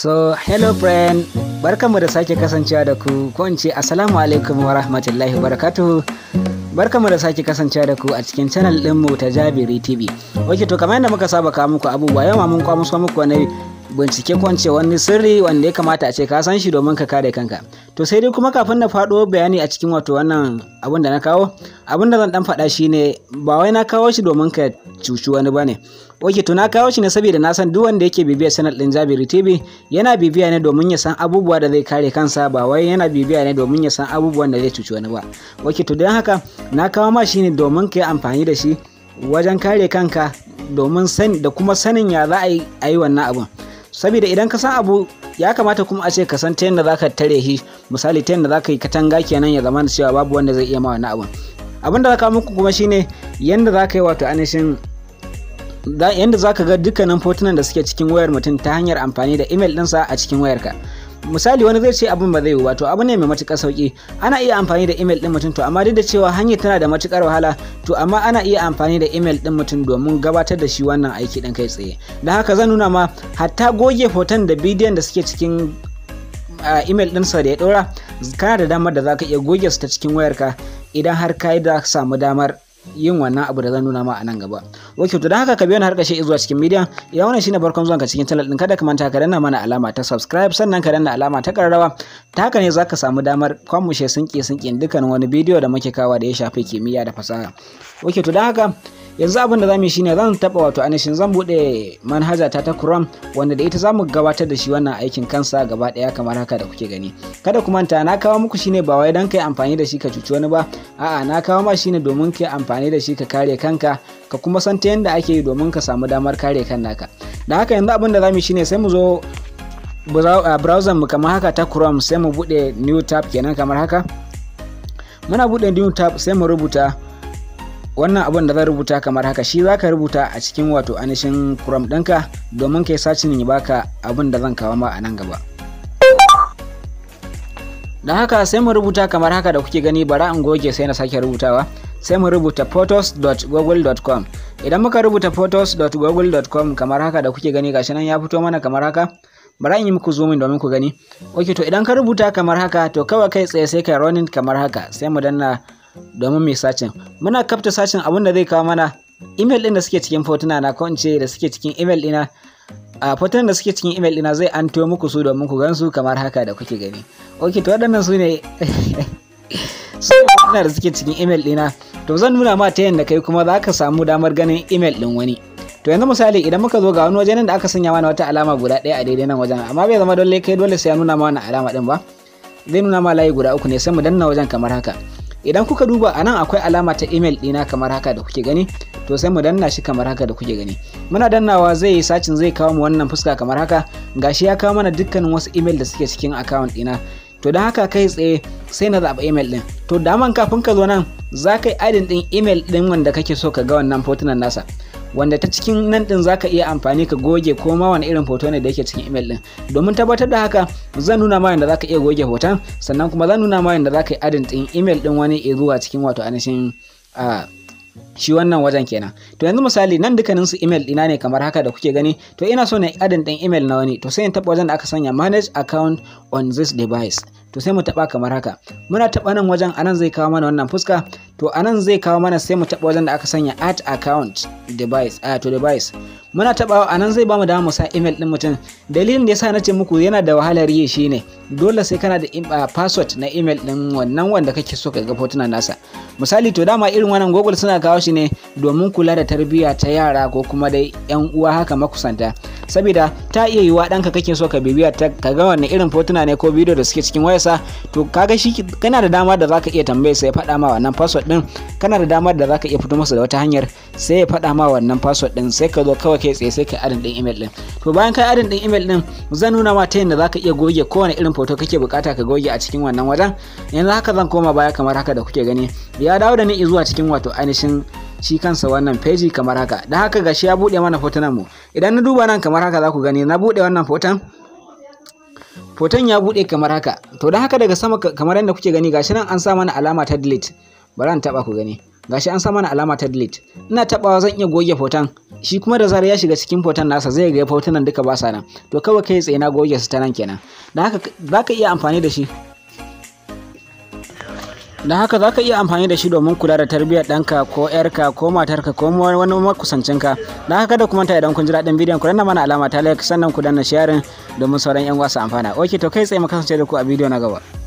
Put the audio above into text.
So, hello friend, barkanmu da sake kasancewa da ku, ko in ce assalamu alaikum wa rahmatullahi wa barakatuhu. Barkanmu da sake kasancewa da ku a cikin channel ɗinmu ta Jabiri TV. Wace to kamar yadda muka saba kawo muku abubuwa yau ma mun kawo muku wani bincike kwance wani sirri wanda ya kamata a ce ka san shi domin ka kare kanka to sai dai kuma kafin na faɗo bayani a cikin wato wannan abin da na kawo abin da zan dan faɗa shi ne ba wai na kawo shi domin ka cuci wani ba ne Oke to na kawo shi ne saboda na san duk wanda yake bibiya sanar din Jabiru TV yana bibiya ne domin ya san abubuwa da zai kare kansa ba wai yana bibiya ne domin ya san abubuwan da zai cuci wani ba. Oke to don haka na kawo ma shi ne domin ka yi amfani da shi wajen kare kanka domin sani da kuma sanin ya za a yi wannan abun. saboda idan ka san abu ya kamata kuma a ce ka san ta yadda za ka tare shi misali ta yadda za ka yi katanga kenan ya zama cewa babu wanda zai iya ma wani abun abin da za ka muku kuma shine yadda za ka yi wato anishin yadda za ka ga dukkanin fotunan da suke cikin wayar mutum ta hanyar amfani da imel ɗinsa a cikin wayarka misali wani zai ce abin ba zai yiwu ba to abu ne mai matukar sauki ana iya amfani da email din mutum to amma duk da cewa hanyar tana da matukar wahala to amma ana iya amfani da email din mutum domin gabatar da shi wannan aiki din kai tsaye da haka zan nuna ma hatta goge hoton da bidiyon da suke cikin email sa da ya ɗora kana da damar da zaka ka iya goge su ta cikin wayarka idan har ka yi da samu damar yin wannan abu da zan nuna ma a nan gaba ok to dan haka ka biyo ni har ƙarshe zuwa cikin media ya wannan shine barkon zuwan ka cikin channel din kada ka manta ka danna mana alama ta subscribe sannan ka danna alama ta karrawa ta haka ne ka samu damar kwamushe sinki sinkin dukkan wani bidiyo da muke kawa da ya shafi kimiyya da fasaha ok to dan haka yanzu abin da zamu yi shine zan taba wato anishin zan buɗe manhaja ta ta Chrome wanda da ita zamu gabatar da shi wannan aikin kansa gaba daya kamar haka da kuke gani kada ku manta na kawo muku shine ba wai dan kai amfani da shi ka cuci wani ba a'a na kawo ma shine domin kai amfani da shi ka kare kanka ka kuma san fahimci yadda ake yi domin ka samu damar kare kan naka da haka yanzu abin da za mu shine sai mu zo browser mu kamar haka ta chrome sai mu bude new tab kenan kamar haka muna bude new tab sai mu rubuta wannan abin da zan rubuta kamar haka shi za ka rubuta a cikin wato anishin chrome ɗinka domin kai sacin ya baka abin da zan kawo ma a nan gaba da haka sai mu rubuta kamar haka da kuke gani bara in goge sai na sake rubutawa sai mu rubuta photos.google.com idan muka rubuta photos.google.com kamar haka da kuke gani gashi nan ya fito mana kamar haka bari in yi muku zoomin domin ku gani ok to idan ka rubuta kamar haka to kawai kai tsaye sai kai running kamar haka sai mu danna domin mai sacin muna kafta sacin abin da zai kawo mana email din da suke cikin fotuna na ko in da suke cikin email dina a fotunan da suke cikin email dina zai anto muku su domin ku gansu kamar haka da kuke gani ok to waɗannan su ne sai da suke cikin email ɗina to zan nuna ma ta yadda kai kuma za ka samu damar ganin email din wani to yanzu misali idan muka zo ga wani waje nan da aka sanya mana wata alama guda ɗaya a daidai nan wajen amma bai zama dole kai dole sai ya nuna ma wani alama din ba zai nuna ma layi guda uku ne sai mu danna wajen kamar haka idan kuka duba a nan akwai alama ta email ɗina kamar haka da kuke gani to sai mu danna shi kamar haka da kuke gani muna dannawa zai yi sacin zai kawo mu wannan fuska kamar haka gashi ya kawo mana dukkanin wasu email da suke cikin account dina to da haka kai tsaye sai na zaɓi email ɗin to daman kafin ka zo nan za ka yi adin ɗin email ɗin wanda kake so ka ga wannan fotunan nasa wanda ta cikin nan ɗin za ka iya amfani ka goge ko ma wani irin hoto ne da yake cikin email ɗin domin tabbatar da haka zan nuna ma yadda za ka iya goge hoton sannan kuma zan nuna ma yadda za ka yi adin ɗin email ɗin wani zuwa cikin wato ainihin ah, shi wannan wajen kenan to yanzu misali nan dukkanin su email dina ne kamar haka da kuke gani to ina so na adin dan email na wani to sai in taba wajen da aka sanya manage account on this device to sai mu taba kamar haka muna taba nan wajen anan zai kawo mana wannan fuska to anan zai kawo mana sai mu taba wajen da aka sanya at account device a ah, to device muna taba anan zai bamu dama mu sa email din mutum dalilin da yasa na ce muku yana da wahalar yi shine dole sai kana da ah, password na email din wannan wanda kake so ka ga hotunan nasa misali to dama irin wannan google suna kawo shi ne domin kula da tarbiyya ta yara ko kuma dai yan uwa haka makusanta saboda ta iya yiwa ɗanka kake so ka bibiya ta ka ga wani irin fotuna ne ko bidiyo da suke cikin wayarsa to kaga shi kana da dama da zaka iya tambaye sai ya faɗa ma wannan password din kana da damar da zaka iya fito masa da wata hanyar sai ya faɗa ma wannan password din sai ka zo kawai kai tsaye sai ka adin din email din to bayan kai adin din email din zan nuna ma ta yadda zaka iya goge kowane irin foto kake bukata ka goge a cikin wannan wajen yanzu haka zan koma baya kamar haka da kuke gani ya dawo da ni zuwa cikin wato ainihin shi kansa wannan feji kamar haka da haka gashi ya buɗe mana fotonan mu idan na duba nan kamar haka za ku gani na buɗe wannan foton foton ya buɗe kamar haka to da haka daga sama kamar yadda kuke gani gashi nan an sa mana alama ta delete bari an taɓa ku gani gashi an sa mana alama ta delete ina tabawa zan iya goge foton shi kuma da zarar ya shiga cikin foton nasa zai ga fotunan duka ba sa nan to kawai kai tsaye na goge su ta nan kenan da haka zaka iya amfani da shi don haka za ka iya amfani da shi domin kula da tarbiyyar ɗanka ko ƴarka ko matarka ko wani makusancinka don haka kada ku manta idan kun ji daɗin bidiyon ku danna mana alama ta like sannan ku danna sharing domin sauran 'yan wasu amfana ok to kai tsaye mu kasance da ku a bidiyo na gaba